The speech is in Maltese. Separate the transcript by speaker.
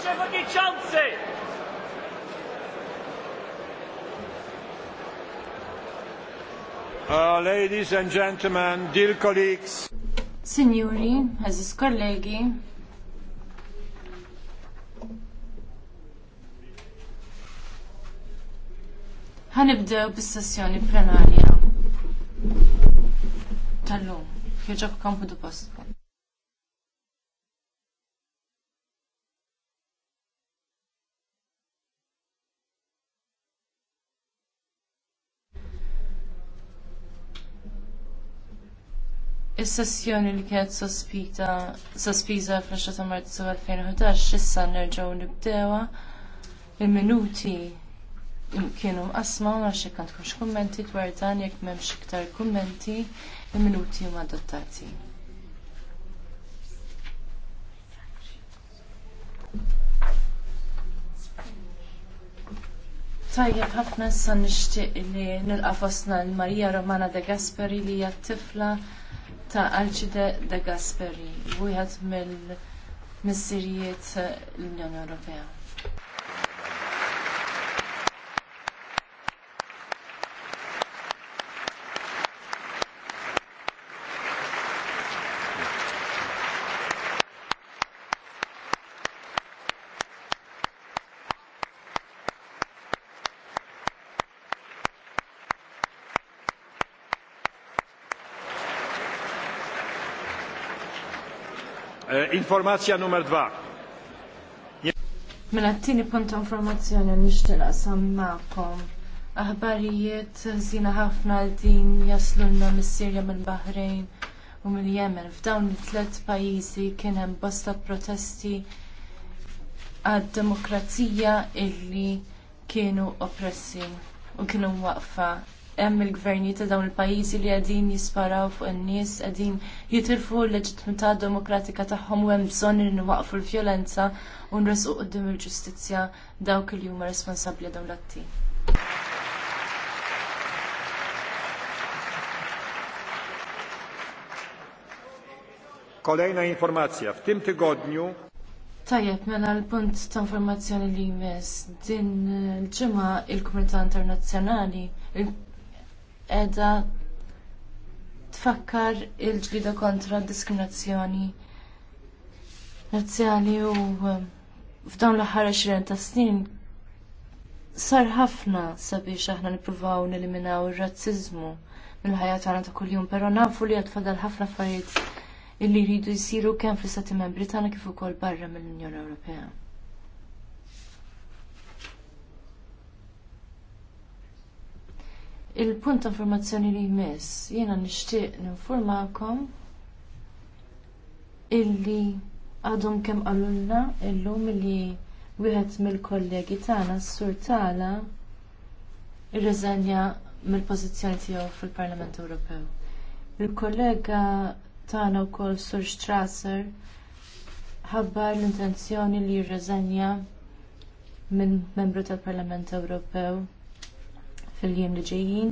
Speaker 1: Przewodniczący! Uh, ladies and gentlemen, dear colleagues. Signori, aziz kollegi. Ħanibdew bis-sessjoni plenarja tal-lum. Jogħġobkom ħudu postkom. Is-sessjoni li kienet sospiża fl-10 ta' Marzu 2011 issa nerġgħu nibdewha il-minuti kienu mqasma ma xi kant tkunx kummenti dwar dan jekk m'hemmx iktar kummenti il-minuti huma adottati. Tajjeb ħafna issa nixtieq li nilqa' fostna marija Romana de Gasperi li hija tifla ta' Alcide de Gasperi, wieħed mill-missirijiet l-Unjoni Ewropea. Eh, informazzja nummer 2. Mela t-tini punt informazzjoni nixtieq sammakom. Aħbarijiet zina ħafna din jaslulna mis-Sirja mill Bahrejn u mill-Jemen. F'dawn it-tlet pajjiżi kien hemm bosta protesti għad-demokrazija illi kienu oppressi u kienu waqfa hemm il-gvernijiet ta' dawn il-pajjiżi li qegħdin jisparaw fuq in-nies, qegħdin jitilfu l-leġittimità demokratika tagħhom u hemm bżonn li nwaqfu l-vjolenza u nresqu quddiem il-ġustizzja dawk li huma responsabbli dawn l-atti. Kolejna informazzja. f'tim tym tygodniu Tajjeb, mela l-punt ta' informazzjoni li jmiss din il-ġimgħa il-Kumunità Internazzjonali, edha tfakkar il-ġlida kontra d diskriminazzjoni razzjali u um, f'dawn l-aħħar 20 ta' snin sar ħafna sabiex aħna nippruvaw neliminaw ir-razziżmu mill-ħajja tagħna ta' kuljum, però nafu li qed fadal ħafna affarijiet illi jridu jsiru kemm fl-istati membri tagħna kif ukoll barra mill-Unjoni Ewropea. Il-punt informazzjoni li jmiss, jiena nixtieq ninformakom illi għadhom kemm għallulna illum illi wieħed mill-kollegi tagħna s-sur Tala irreżenja mill-pożizzjoni tiegħu fil-Parlament Ewropew. Il-kollega tagħna wkoll Sur Strasser ħabbar l-intenzjoni li jirreżenja minn membru tal-Parlament Ewropew fil-jiem li ġejjin